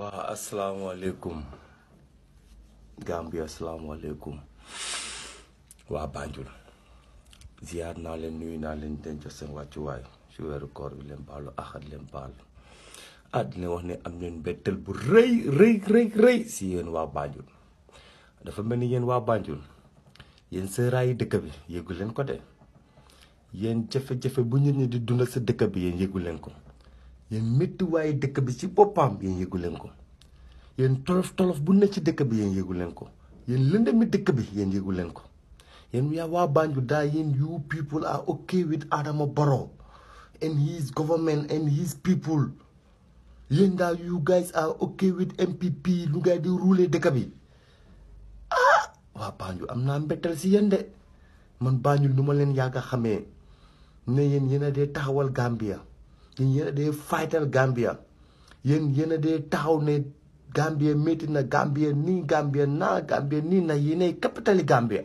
waa asalaamaaleykum Gambia asalaamaaleykum waa Banjul ziar naa leen nuyu naa leen denc seen wàccuwaay ci weeru koor bi leen baalu axat leen baal ah wax ne am ngeen mbettel bu rëy rëy rëy si yéen waa Banjul dafa mel ni yéen waa Banjul yéen seeraayu dëkk bi yéegu leen ko de yéen jafe-jafe bu nit ñi di dundal sa dëkk bi yéen yéegu leen ko yéen méttiwaayu dëkk bi ci boppam yéen yëgu leen ko yéen tolof tolof bu ne ci dëkk bi yéen yëgu ko yéen lëndami dëkk bi yéen yëgu ko yéen yaa waa Banjul daal yéen you people are okay with Adama Barrow and his government and his people yéen daal you guys are okay with MPP lu ngay di ruulee dëkk bi ah waa Banjul am naa mbettel si yéen de man Banjul nu ma leen yàgg a xamee ne yéen yéen a dee taxawal Gambia. yéen yéen a dee faytal Gambia yéen a dee taxaw ne Gambia métti na Gambia nii Gambia naa Gambia nii na capitali Gambia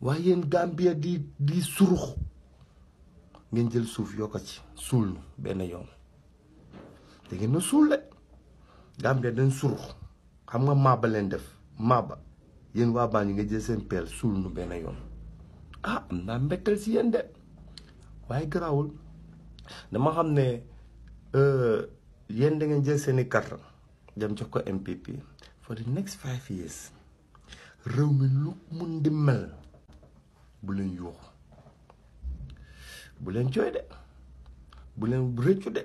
waaye yéen Gambia di di surux ngeen jël suuf yokk ci suul nu benn yoon da ngeen na suul le Gambia dañ surux xam nga maaba leen def maaba yéen waa Banjul nga jël seen peel suul nu benn yoon ah am si yéen de waaye garaawul dama xam ne euh, yéen da ngeen jël seeni carte dem jox ko MPP for the next five years réew mi lu mun di bu leen yuuxu bu leen jooy de bu leen rëccu de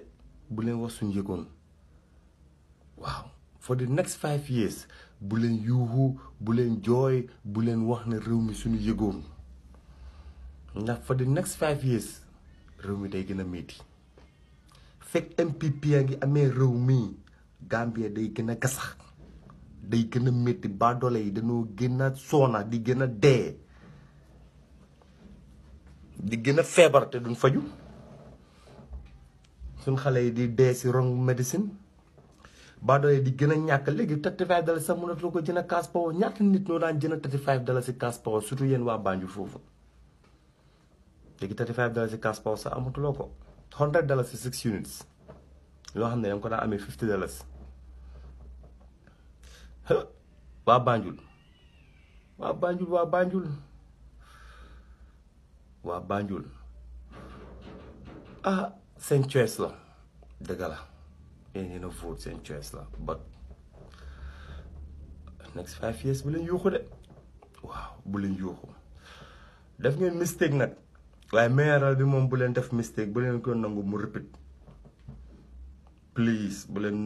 bu leen wax suñ yëgoon waaw for the next five years bu leen yuuxu bu leen jooy bu leen wax ne réew mi suñu yëgoon ndax for the next five years réew mi day gën a métti fek MPP ya ngi amé rew mi Gambia day gëna a day gëna metti ba baadoole yi dañu gëna sona di gëna dé di gëna a té duñ faju sun xalé yi di dé ci rong medicine ba yi di gëna ñak légui 35 dollars sax mënatoo ko jëna caspo power nit no daan jëna 35 dollars ci caspo surtout yeen wa Banjul fofu légui 35 dollars ci caspo sa sax loko hundred dollars si six units loo xam ne da ko daan amee fifty dollars waa Banjul waa Banjul waa Banjul waa Banjul ah seen choice la dëgg la yéen ngeen a vote seen choice la but next five years bu leen yuuxu de waaw bu leen yuuxu def ngeen mistake nag waaye maire bi moom bu leen def mistake bu leen ko nangu mu répète please bu leen.